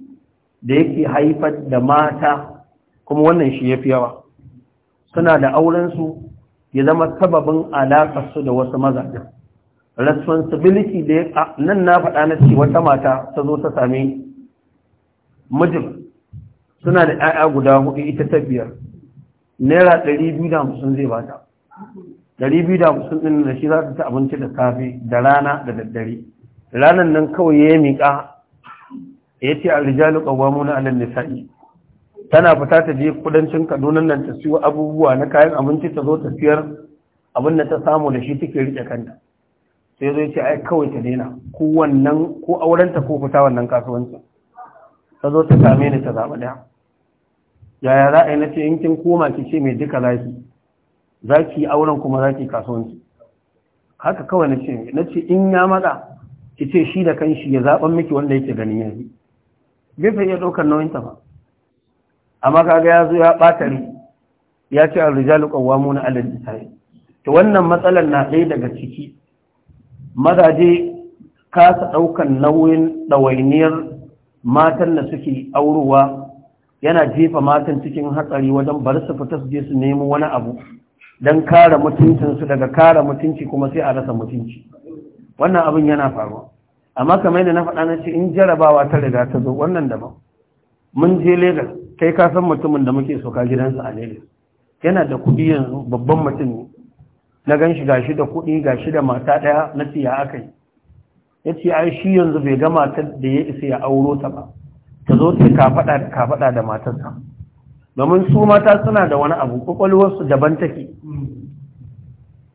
Speaker 1: da yake haifar da mata kuma wannan shi yafi yawa suna da aurensu ya zama sababin alaƙar su da wasu mazajen responsibility da nan na faɗa na ce wata mata ta zo ta same mijin suna da 'ya'ya guda hudu ita ta biyar naira ɗari biyu da hamsin zai bata ɗari biyu da hamsin ɗin da shi za ta ci abinci da safe da rana da daddare ranar nan kawai ya yi miƙa ya ce rijalu ƙawamu na alal nisa'i tana fita ta je kudancin kaduna nan ta siyo abubuwa na kayan abinci ta zo ta abin da ta samu da shi take riƙe kanta sai zai ce ai kawai ta daina ko wannan ko aurenta ko fita wannan kasuwancin ta zo ta same ni ta zaɓa ɗaya yaya za a yi na ce in kin koma ki ce mai duka zaki za ki auren kuma za ki kasuwanci haka kawai na ce na ce in ya matsa ki ce shi da kanshi ya zaɓan miki wanda yake ganin yanzu bai fa iya ɗaukar nauyin ta ba amma kaga ya zo ya ɓatari ya ce al-rijalu qawwamuna na alal nisai to wannan matsalar na ɗaya daga ciki mazaje kasa ɗaukan nauyin ɗawainiyar matan da suke aurowa yana jefa matan cikin hatsari wajen bar su fita su je su nemi wani abu don kare mutuncinsu daga kare mutunci kuma sai a rasa mutunci wannan abin yana faruwa amma kamar da na faɗa na ce in jarabawa ta riga ta zo wannan daban mun je Legas kai ka san mutumin da muke soka gidansa a Legas yana da kuɗi yanzu babban mutum ne, na gan shi gashi da kuɗi gashi da mata ɗaya na siya akai ya ce ai shi yanzu bai ga matar da ya isa ya auro ta ba ta zo ta kafaɗa da matarsa domin su mata suna da wani abu kwakwalwarsu daban take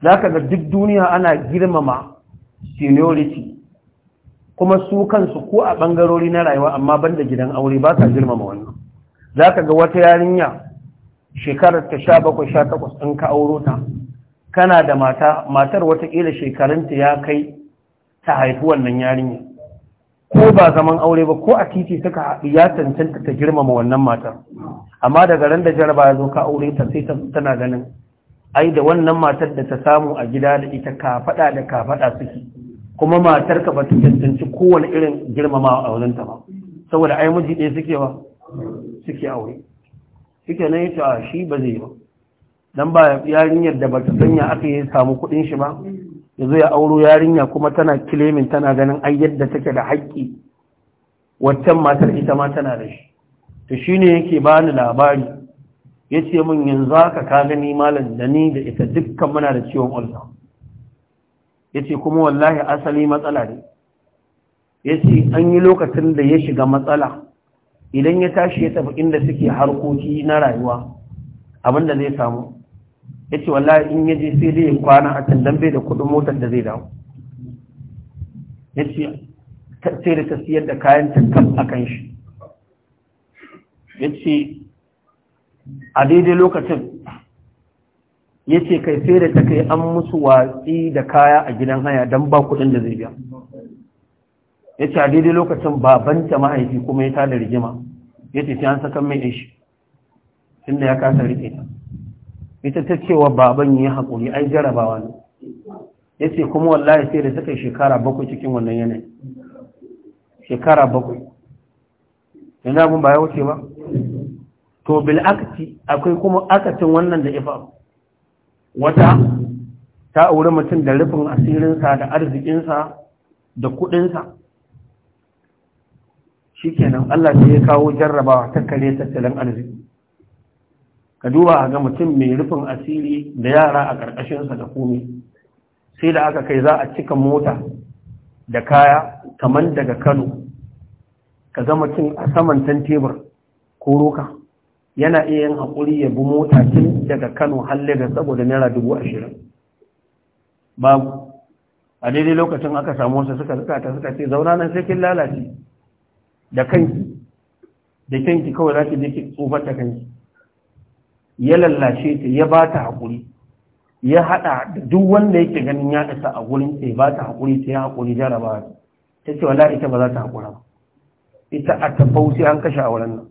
Speaker 1: za ka ga duk duniya ana girmama seniority kuma su kansu ko a ɓangarori na rayuwa amma banda gidan aure ba ta girmama wannan za ka ga wata yarinya shekarar ta sha bakwai sha takwas ɗin ka auro ta kana da mata matar watakila shekarunta ya kai ta haifi wannan yarinya ko ba zaman aure ba ko a titi suka haɗu ya cancanta ta girmama wannan matar amma daga ran da jaraba ya zo ka aure ta sai tana ganin ai da wannan matar da ta samu a gida da ita ka faɗa da ka faɗa suke kuma matar ka ba ta cancanci kowane irin girmama a wurinta ba saboda ai miji ɗaya suke ba suke aure suke nan yace shi ba zai ba dan ba yarinyar da ba ta sanya aka yi samu kuɗin shi ba yanzu ya auro yarinya kuma tana kilimin tana ganin ai yadda take da haƙƙi waccan matar ita ma tana da shi to shine yake bani labari yace min yanzu haka ka gani malam da ni da ita dukkan muna da ciwon Ya yace kuma wallahi asali matsala ne yace an yi lokacin da ya shiga matsala idan ya tashi ya tafi inda suke harkoki na rayuwa abinda zai samu ya ce wallahi in ya je sai dai kwana a can bai da kudin motar da zai dawo ya ce sai da ta siyar da kayan tankan a kan shi ya ce a daidai lokacin ya ce kai sai da ta kai an musu watsi da kaya a gidan haya don ba kudin da zai biya ya ce a daidai lokacin ta mahaifi kuma ya tada rigima ya ce sai an sakan mai ishi inda ya kasa rike ta ita ta cewa baban ya haƙuri ai jarabawa ne ya ce kuma wallahi sai da suka shekara bakwai cikin wannan yanayi shekara bakwai yanzu abin ba ya wuce ba to bil'akti akwai kuma akatin wannan da ifa wata ta auri mutum da rufin asirinsa da arzikinsa da kudinsa shi kenan allah sai ya kawo jarrabawa ta kare tattalin arziki ka duba a ga mutum mai rufin asiri da yara a ƙarƙashinsa da komi sai da aka kai za a cika mota da kaya kamar daga kano ka ga mutum a saman tan tebur ko roka yana iya yin haƙuri ya bi mota tun daga kano halle da saboda naira dubu ashirin babu a daidai lokacin aka samu wasu suka zukata suka ce zauna nan sai kin lalace da kanki da kanki kawai za ki je ki tsofar da kanki ya lallashe ta ya ba ta haƙuri ya haɗa da duk wanda yake ganin ya isa a gurin ta ba ta haƙuri ta ya haƙuri jaraba ta ce wala ita ba za ta haƙura ba ita a tabbau sai an kashe a wurin nan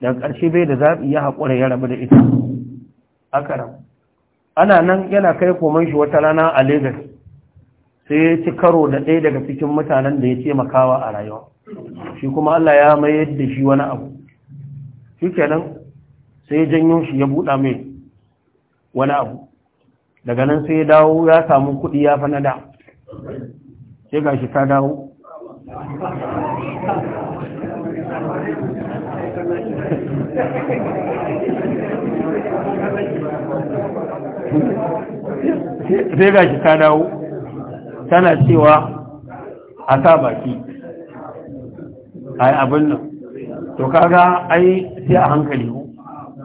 Speaker 1: daga ƙarshe bai da zaɓi ya haƙura ya rabu da ita aka rabu ana nan yana kai koman shi wata rana a Legas sai ya ci karo da ɗaya daga cikin mutanen da ya taimakawa a rayuwa shi kuma Allah ya mayar da shi wani abu shi kenan sai janyo shi ya buɗa mai wani abu daga nan sai ya dawo ya samu kuɗi ya fa na da sai ga shi ta dawo sai ga shi ta dawo tana cewa a sa baki a yi abin nan to kaga ai sai a hankali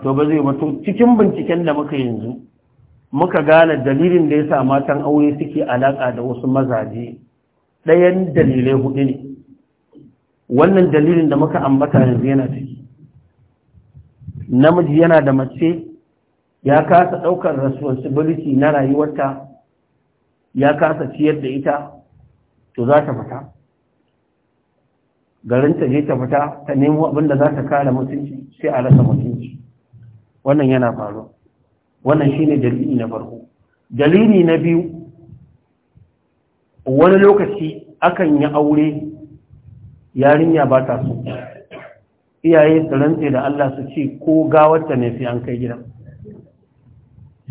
Speaker 1: to ba zai mutu cikin binciken da muka yanzu muka gane dalilin da ya sa matan aure suke alaƙa da wasu mazaje ɗayan dalilai hudu ne wannan dalilin da muka ambata yanzu yana ciki namiji yana da mace ya kasa ɗaukar responsibility na rayuwarta ya kasa ciyar da ita to za ta fita garin ta je ta fita ta nemo abinda za ta kare mutunci sai a rasa mutunci wannan yana faru wannan shine dalili na farko dalili na biyu wani lokaci akan yi aure yarinya ba ta so iyaye su rantse da Allah su ce ko gawarta ne sai an kai gidan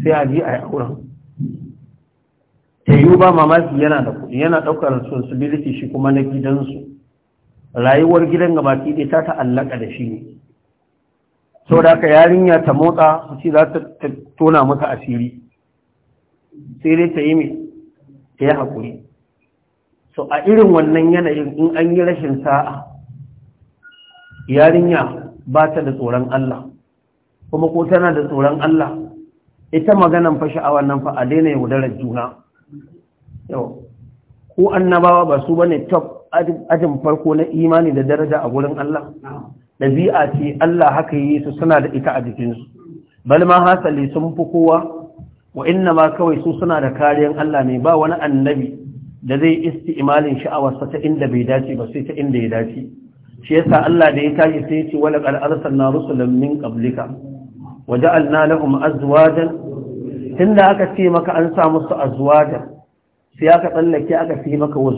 Speaker 1: sai a ji a yi auren tayu ba mamaki yana da kuɗi yana ɗaukar responsibility shi kuma na gidansu rayuwar gidan gabaki ɗaya ta ta'allaka da shi ne sau da aka yarinya ta motsa su ce za ta tona maka asiri sai dai ta yi mai ta yi haƙuri so a irin wannan yanayin in an yi rashin sa'a yarinya ba ta da tsoron Allah kuma ko tana da tsoron Allah ita maganan fa sha'awar nan fa a daina yaudarar juna yau ko annabawa ba su bane top ajin farko na imani da daraja a wurin Allah ɗabi'a ce Allah haka yi su suna da ita a jikinsu Balma ma hasali sun fi kowa wa inna ma kawai su suna da kariyar Allah ne ba wani annabi da zai imalin sha'awarsa ta inda bai dace ba sai ta inda ya dace shi yasa Allah da ya tashi sai ya ce wala qad arsalna rusulan min qablika wa ja'alna lahum azwajan tunda aka ce maka an sa musu azwajan sai aka tsallake aka fi maka wa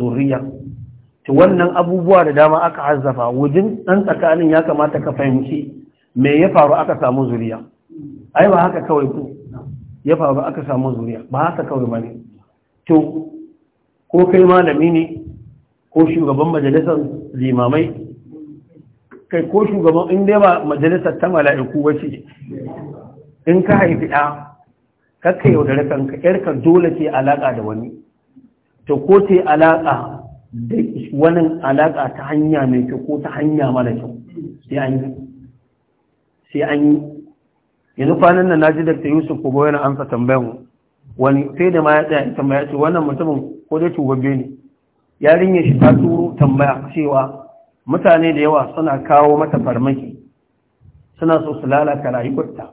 Speaker 1: to wannan abubuwa da dama aka hazzafa wajen ɗan tsakanin ya kamata ka fahimci me ya faru aka samu zuriya ai ba haka kawai ku ya faru aka samu zuriya ba haka kawai ba ne to ko kai malami ne ko shugaban majalisar limamai kai ko shugaban in dai ba majalisar ta mala'iku ba ce in ka haifi ɗa kakka yaudare kanka yarka dole ce alaƙa da wani to ko ce alaƙa da wani alaƙa ta hanya mai kyau ko ta hanya mara kyau sai an yi yanzu kwanan nan na ji dakta yusuf ko bayan amsa tambayan wani sai da ma ya tsaya tambaya ce wannan mutumin ko dai tubabbe ne yarinyar shi ta turo tambaya cewa mutane da yawa suna kawo mata farmaki suna so su lalata rayuwarta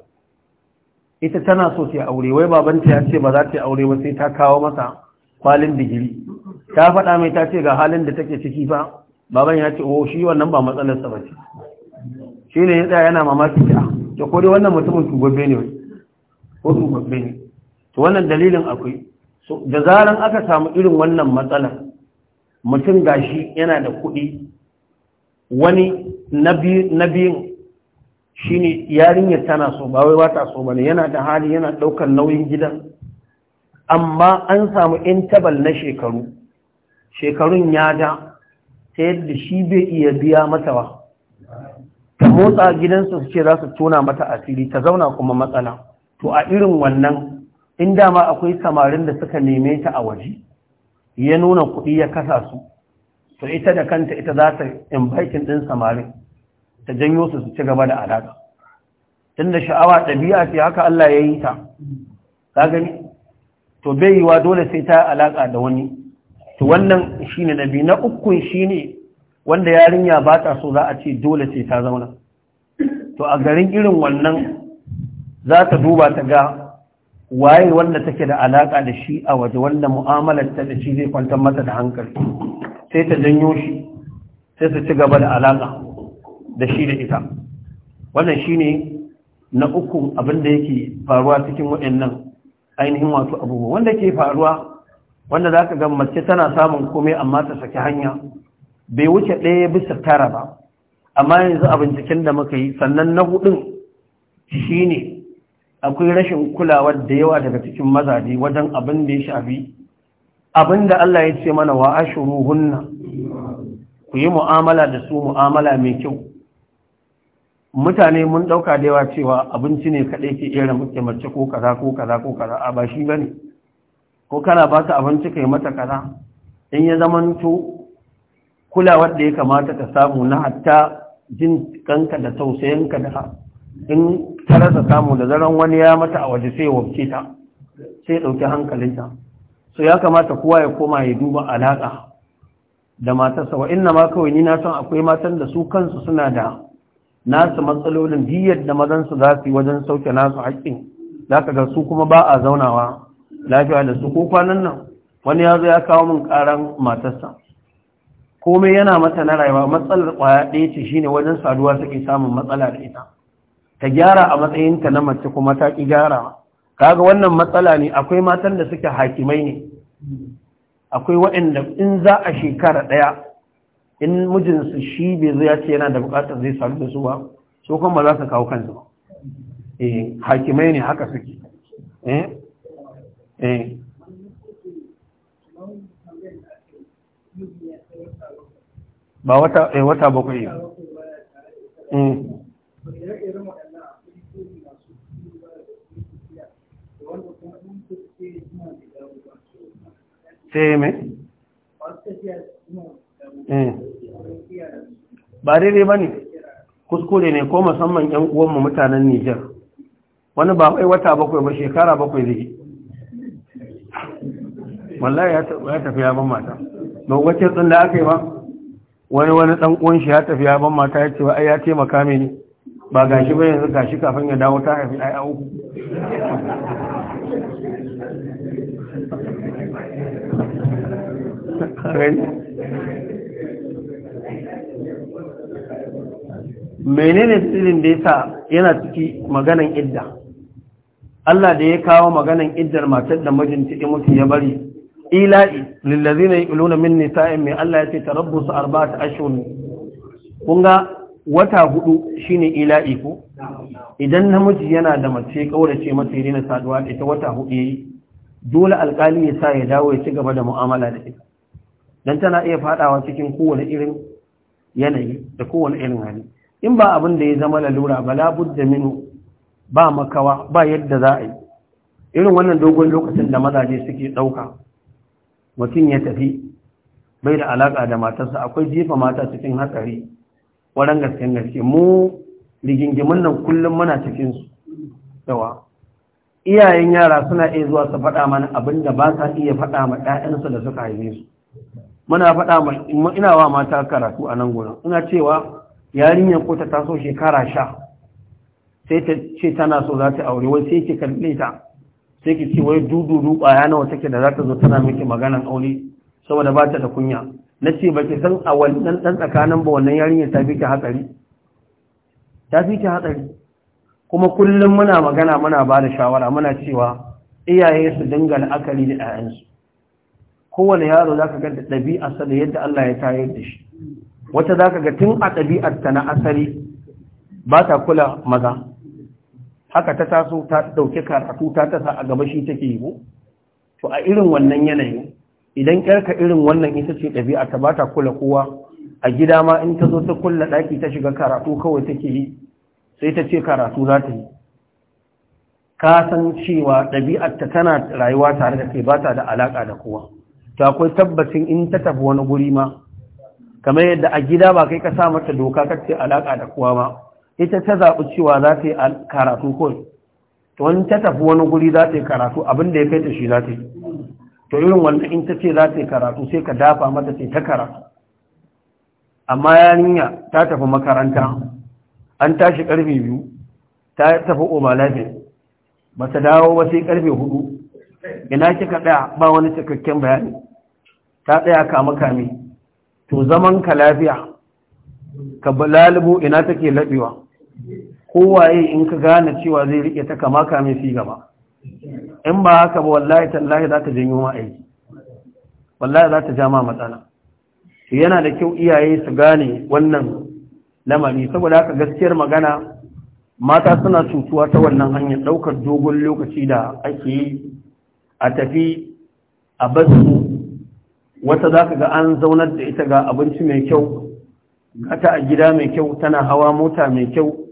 Speaker 1: ita tana so ta aure wai babanta ya ce ba za ta aure ba sai ta kawo masa kwalin digiri ta faɗa mai ta ce ga halin da take ciki fa baban ya ce o oh, shi wannan ba matsalar sa ce. shi ne ya tsaya yana mamaki ta ah, ta kodi wannan mutumin tugabbe ne ko tugabbe ne to wannan dalilin akwai da zaran aka samu irin wannan matsalar mutum gashi yana da kuɗi wani na biyun shi ne yarinyar tana so ba wai wata so bane yana da hali yana ɗaukar nauyin gidan amma an samu intabal na shekaru shekarun ya da ta yadda shi bai iya biya mata ba ta motsa gidansu su ce za su tona mata asiri ta zauna kuma matsala to a irin wannan in ma akwai samarin da suka neme ta a waje ya nuna kuɗi ya kasa su to ita da kanta ita za ta invitin ɗin samarin ta janyo su su ci gaba da alaƙa Tun da sha'awa ɗabi'a ce haka Allah ya yi ta ka gani to bai yiwa dole sai ta alaƙa da wani to wannan shine na na ukun shine wanda yarinya ba ta so za a ce dole ce ta zauna to a garin irin wannan za ta duba ta ga waye wanda take da alaka da shi a waje wanda mu'amalar ta da shi zai kwantar mata da hankali sai ta janyo shi sai ta ci gaba da alaka da shi da ita wannan shine na uku abin da yake faruwa cikin waɗannan ainihin wasu abubuwa wanda ke faruwa wanda za ka ga mace tana samun komai amma ta saki hanya bai wuce ɗaya bisa tara ba amma yanzu a binciken da muka yi sannan na hudun shi ne akwai rashin kulawar da yawa daga cikin mazaje wajen abin da ya shafi abin da Allah ya ce mana wa ashuru hunna ku yi mu'amala da su mu'amala mai kyau mutane mun ɗauka da yawa cewa abinci ne kaɗai ke iya mace ko kaza ko kaza ko kaza a ba shi ba ne ko kana ba ta abinci kai mata kaza in ya zamanto kulawar da ya kamata ka samu na hatta jin kanka da tausayinka da in ta rasa samu da zaran wani ya mata a waje sai wabce ta sai ɗauki hankalinta so ya kamata kowa ya koma ya duba alaƙa da matarsa wa inna ma kawai ni na san akwai matan da su kansu suna da nasu matsalolin biyar da mazansu za su yi wajen sauke nasu haƙƙin za ka ga su kuma ba a zaunawa lafiya da su ko kwanan nan wani ya zo ya kawo min karan matarsa komai yana mata na rayuwa matsalar kwaya ɗaya ce shine wajen saduwa suke samun matsala da ita ta gyara a matsayinta na mace kuma ta ki gyara kaga wannan matsala ne akwai matan da suke hakimai ne akwai waɗanda in za a shekara ɗaya in mijinsu shi bai zo ya ce yana da buƙatar zai sadu da su ba so kuma za su kawo kansu ba eh hakimai ne haka suke eh, Eh. ba wata eh wata bakwai eh sai eh. ba daidai ba ne kuskure ne ko musamman 'yan uwanmu mutanen nijar wani ba wai wata bakwai ba shekara bakwai zai wallahi ya tafi ya ban mata ba wacce tsin da aka yi ba wani wani dan uwan shi ya tafi ya ban mata ya ce ba ai ya taimaka mini ba gashi ba yanzu gashi kafin ya dawo ta haifi ai au menene tsirin da yasa yana ciki maganan idda Allah da ya kawo maganan iddar matar da mijinta ya mutu ya bari ila'i lillazina yuluna min nisa'in mai Allah ya ce tarabbusu arba'at ashhur kun ga wata hudu shine ila'i ko idan namiji yana da mace kaurace mata irin saduwa da ita wata hudu yayi dole alkali ya sa ya dawo ya ci gaba da mu'amala da ita dan tana iya fadawa cikin kowane irin yanayi da kowane irin hali in ba abin da ya zama lalura ba budda minu ba makawa ba yadda za a yi irin wannan dogon lokacin da mazaje suke dauka mutum ya tafi bai da alaƙa da matarsa akwai jefa mata cikin hatsari waɗanda gaske gaske mu rigingimin nan kullum muna cikin su yawa iyayen yara suna iya zuwa su faɗa mana abin da ba sa iya faɗa ma ɗayansu da suka haife su muna faɗa ma ina wa mata karatu a nan gurin ina cewa yarinyar ko ta taso shekara sha sai ta ce tana so za ta aure wai sai ki karɓe ta sai ki ce wai dudu ƙwaya nawa take da za ta zo tana miki maganan aure saboda ba ta da kunya na ce ba ki san a wannan ɗan tsakanin ba wannan yarinyar ta fi ki hatsari ta fi ki hatsari kuma kullum muna magana muna ba da shawara muna cewa iyaye su dinga la'akari da 'ya'yansu kowane yaro za ka ga ɗabi'arsa da yadda Allah ya tayar da shi wata za ka ga tun a ɗabi'arta na asali ba ta kula maza haka ta taso ta dauke karatu ta tasa a gaba shi take yi to a irin wannan yanayi idan yarka irin wannan ita ce ɗabi'a ta ba ta kula kowa a gida ma in ta zo ta kulle ɗaki ta shiga karatu kawai take yi sai ta ce karatu za ta yi ka san cewa ɗabi'ar ta tana rayuwa tare da kai ba ta da alaƙa da kowa to akwai tabbacin in ta tafi wani guri ma kamar yadda a gida ba kai ka sa mata doka kace alaƙa da kowa ba ita ta zaɓi cewa za ta yi karatu kawai to wani ta tafi wani guri za ta yi karatu abin da ya kai ta shi za ta yi to irin wannan in ta ce za ta yi karatu sai ka dafa mata ce ta karatu amma yarinya ta tafi makaranta an tashi karfe biyu ta tafi lafi ba ta dawo ba sai karfe hudu ina kika tsaya ba wani cikakken bayani ta tsaya kama kame to zaman ka lafiya ka lalubo ina take laɓewa kowaye in ka gane cewa zai rike ta kama kame fi gaba in ba haka ba wallahi tallahi za ta janyo ma aiki wallahi za ta ja ma matsala yana da kyau iyaye su gane wannan lamari saboda haka gaskiyar magana mata suna cutuwa ta wannan hanyar ɗaukar dogon lokaci da ake yi a tafi a basu wata za ka ga an zaunar da ita ga abinci mai kyau gata a gida mai kyau tana hawa mota mai kyau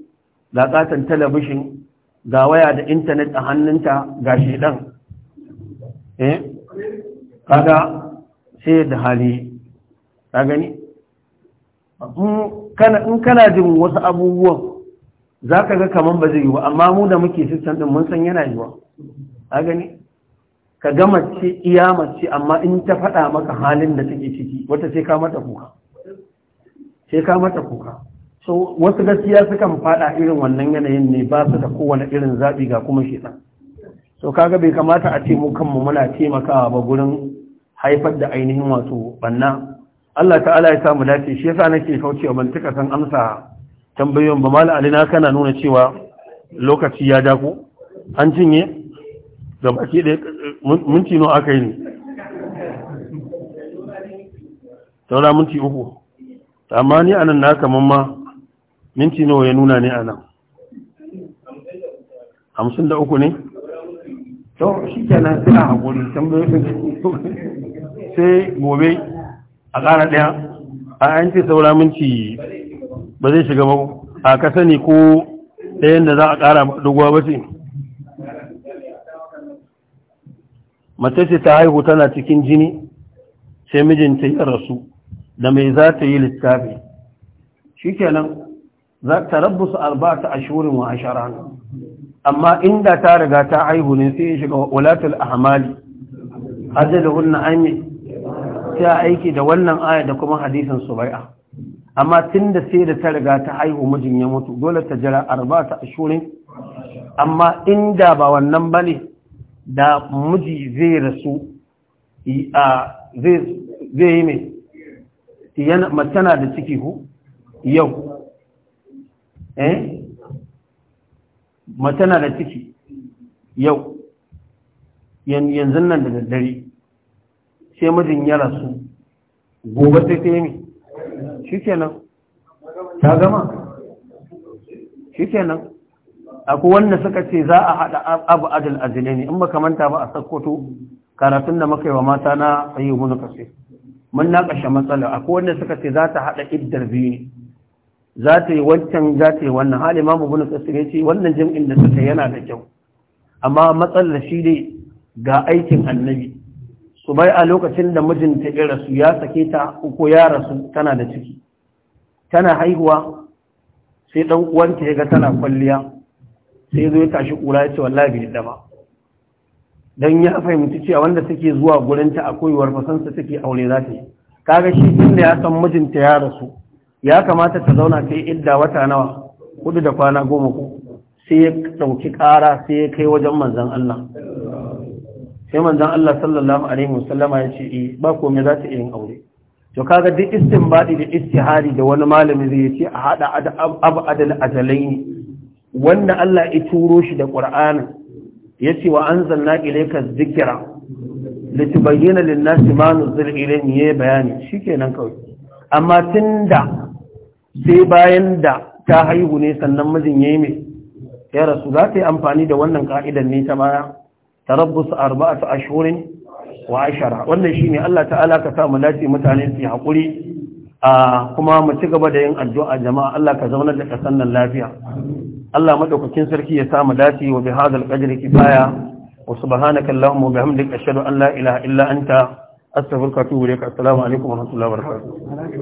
Speaker 1: ga katon talabishin ga waya da intanet a hannunta ga shedan eh kaga sai da hali ka gani in kana jin wasu abubuwan za ka ga kamar ba zai yi ba amma mu da muke sistan din mun san yana yi ba ka gani ka ga mace iya mace amma in ta faɗa maka halin da take ciki wata sai ka mata kuka sai ka mata kuka so wasu gaskiya sukan fada irin wannan yanayin ne ba su da kowane irin zaɓi ga kuma shaitan so kaga bai kamata a ce mu kanmu muna taimakawa ba gurin haifar da ainihin wato banna Allah ta'ala ya samu dace shi yasa nake kauce wa mantuka san amsa tambayoyin ba Ali alina kana nuna cewa lokaci ya dako an cinye ga baki da minti no aka yi ne saura minti uku amma ni anan na kaman ma minti nawa ya nuna ne a nan hamsin da uku ne to shi kenan suna haƙuri (laughs) sai gobe a ƙara ɗaya a yan ce saura minti ba zai shiga ba a ka sani ko ɗayan da za a ƙara maɗuguwa ba ce mace ce ta haihu tana cikin jini sai mijinta ya rasu da mai za ta yi littafi shi kenan za ta rabu su arba'ata ashurin wa ashara amma inda ta riga ta haihu ne sai in shiga wulatul ahmali ajaluhunna ayyi ta aiki da wannan aya da kuma hadisin subai'a amma tunda sai da ta riga ta haihu mijin ya mutu dole ta jira arba'ata ashurin amma inda ba wannan bane da miji zai rasu zai yi mai mace da ciki ko? yau eh mace na da ciki yau yanzu nan da daddare sai mijin ya rasu gobe sai ta yi shi kenan
Speaker 2: ta gama
Speaker 1: shi kenan akwai wanda suka ce za a haɗa abu adal azile ne in baka manta ba a sakkoto karatun da muka yi wa mata na sayi mun kashe mun na matsala akwai wanda suka ce za ta haɗa iddar biyu ne za ta yi wancan za ta yi wannan hali ma mu bunu kasir ya ce wannan jam'in da suka yana da kyau amma matsalar shi ne ga aikin annabi su bai a lokacin da mijinta ya rasu ya sake ta ko ya rasu tana da ciki tana haihuwa sai dan uwanta ya ga tana kwalliya sai zo ya tashi ƙura ya ce wallahi bai da ba dan ya fahimci cewa wanda suke zuwa gurinta a koyewar fasansa take aure za ta yi kaga shi tunda ya san mijinta ya rasu ya kamata ta zauna ta yi idda wata nawa hudu da kwana goma ko sai ya ɗauki ƙara sai ya kai wajen manzan Allah sai manzan Allah sallallahu alaihi wasallama ya ce eh, ba komai za ta yin aure to kaga duk baɗi da istihari da wani malami zai ce a hada abu adal ajalai wanda Allah ya turo shi da ya ce wa anzalna ilayka zikira? litubayyana Bayyana nasi ma nuzila ilayhim yayi bayani shikenan kawai amma tunda sai bayan da ta haihu ne sannan mijin ya yi mai ya rasu za ta yi amfani da wannan ka'idar ne ta baya tarabbus arba'atu ashhurin wa ashara wannan shi ne Allah ta'ala ka sa mu dace mutane su hakuri a kuma mu ci gaba da yin addu'a jama'a Allah ka zaunar da kasan nan lafiya Allah madaukakin sarki ya sa mu dace wa bihadal qadri kifaya wa subhanaka allahumma wa bihamdika ashhadu an la ilaha illa anta astaghfiruka wa atubu ilaik assalamu alaikum wa rahmatullahi wa barakatuh